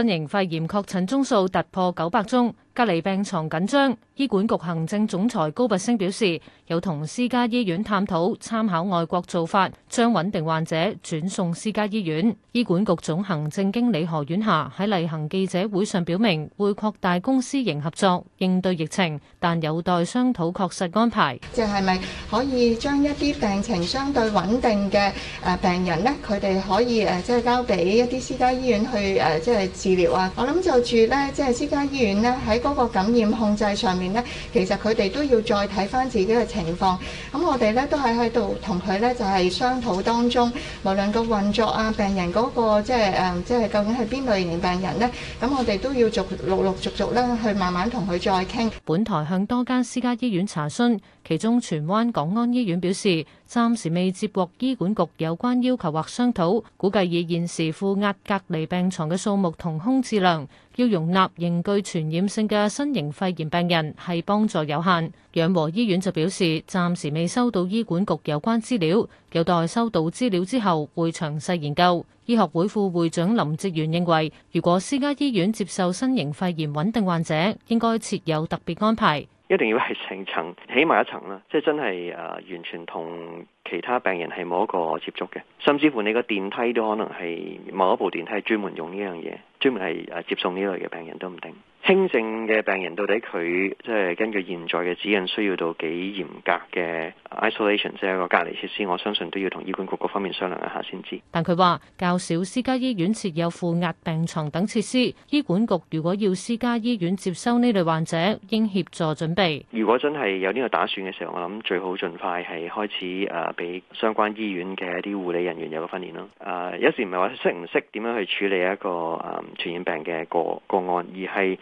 新型肺炎確診宗數突破九百宗，隔離病床緊張。醫管局行政總裁高拔升表示，有同私家醫院探討參考外國做法，將穩定患者轉送私家醫院。醫管局總行政經理何婉霞喺例行記者會上表明，會擴大公私營合作應對疫情，但有待商討確實安排。即係咪可以將一啲病情相對穩定嘅誒病人咧，佢哋可以誒即係交俾一啲私家醫院去誒即係治療啊？我諗就住咧即係私家醫院咧喺嗰個感染控制上面。其實佢哋都要再睇返自己嘅情況。咁我哋咧都係喺度同佢咧就係商討當中，無論個運作啊、病人嗰個即係誒，即係究竟係邊類型病人咧？咁我哋都要逐陸陸續續咧去慢慢同佢再傾。本台向多間私家醫院查詢，其中荃灣港安醫院表示，暫時未接獲醫管局有關要求或商討，估計以現時負壓隔離病床嘅數目同空置量。要容納仍具傳染性嘅新型肺炎病人，係幫助有限，養和醫院就表示暫時未收到醫管局有關資料，有待收到資料之後會詳細研究。醫學會副會長林志元認為，如果私家醫院接受新型肺炎穩定患者，應該設有特別安排。一定要係成層起埋一層啦，即係真係，呃、完全同其他病人係冇一個接觸嘅，甚至乎你個電梯都可能係某一部電梯係專門用呢樣嘢，專門係呃接送呢類嘅病人都唔定。輕症嘅病人到底佢即係根據現在嘅指引，需要到幾嚴格嘅 isolation，即係個隔離設施，我相信都要同醫管局各方面商量一下先知。但佢話較少私家醫院設有負壓病床等設施，醫管局如果要私家醫院接收呢類患者，應協助準備。如果真係有呢個打算嘅時候，我諗最好盡快係開始誒、啊，俾相關醫院嘅一啲護理人員有個訓練咯。誒、啊，有時唔係話識唔識點樣去處理一個誒、嗯、傳染病嘅個個案，而係。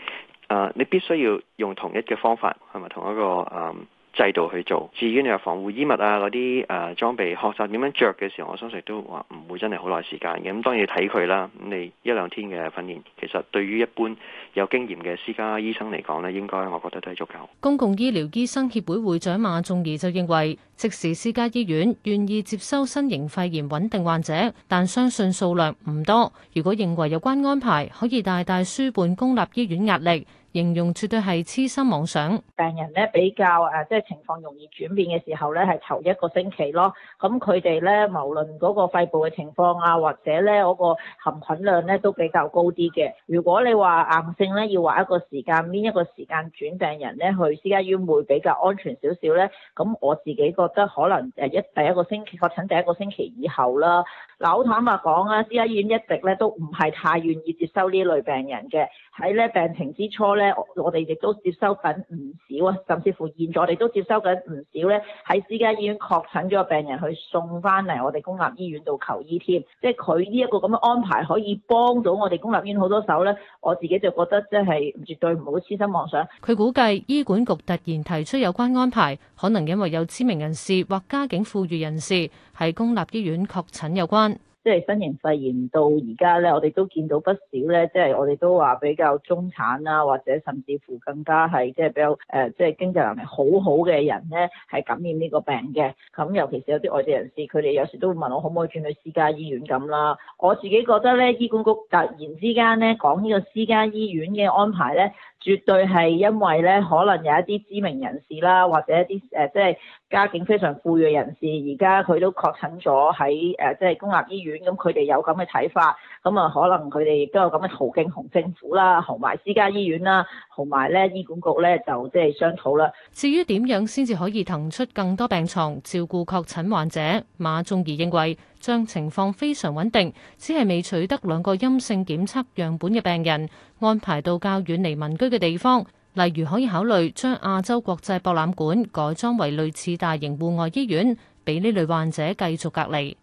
誒、啊，你必須要用同一嘅方法，係咪同一個誒、嗯、制度去做？至於你話防護衣物啊嗰啲誒裝備，學習點樣着嘅時候，我相信都話唔會真係好耐時間嘅。咁、嗯、當然要睇佢啦。你一兩天嘅訓練，其實對於一般有經驗嘅私家醫生嚟講咧，應該我覺得都係足夠。公共醫療醫生協會會長馬仲儀就認為。即使私家醫院願意接收新型肺炎穩定患者，但相信數量唔多。如果認為有關安排可以大大紓緩公立醫院壓力，形容絕對係痴心妄想。病人咧比較誒，即係情況容易轉變嘅時候咧，係頭一個星期咯。咁佢哋咧，無論嗰個肺部嘅情況啊，或者咧嗰個含菌量咧，都比較高啲嘅。如果你話硬性咧，要話一個時間，邊一個時間轉病人咧去私家醫院會比較安全少少咧，咁我自己個。覺得可能誒一第一個星期確診，第一個星期以後啦，嗱，坦白講啦，私家醫院一直咧，都唔係太願意接收呢類病人嘅。喺咧病情之初咧，我哋亦都接收緊唔少啊，甚至乎現在我哋都接收緊唔少咧，喺私家醫院確診咗個病人去送翻嚟我哋公立醫院度求醫添。即係佢呢一個咁嘅安排可以幫到我哋公立醫院好多手咧，我自己就覺得即係絕對唔好痴心妄想。佢估計醫管局突然提出有關安排，可能因為有知名人。是或家境富裕人士喺公立醫院確診有關，即係新型肺炎到而家咧，我哋都見到不少咧，即係我哋都話比較中產啦，啊，或者甚至乎更加係即係比較誒，即係經濟能力好好嘅人咧，係感染呢個病嘅。咁尤其是有啲外籍人士，佢哋有時都會問我可唔可以轉去私家醫院咁啦。我自己覺得咧，醫管局突然之間咧講呢個私家醫院嘅安排咧。絕對係因為咧，可能有一啲知名人士啦，或者一啲誒，即、呃、係、就是、家境非常富裕嘅人士，而家佢都確診咗喺誒，即、呃、係、就是、公立醫院。咁佢哋有咁嘅睇法，咁啊，可能佢哋亦都有咁嘅途徑，同政府啦，同埋私家醫院啦，同埋咧醫管局咧，就即係商討啦。至於點樣先至可以騰出更多病床照顧確診患者，馬仲儀認為。將情況非常穩定，只係未取得兩個陰性檢測樣本嘅病人，安排到較遠離民居嘅地方，例如可以考慮將亞洲國際博覽館改裝為類似大型戶外醫院，俾呢類患者繼續隔離。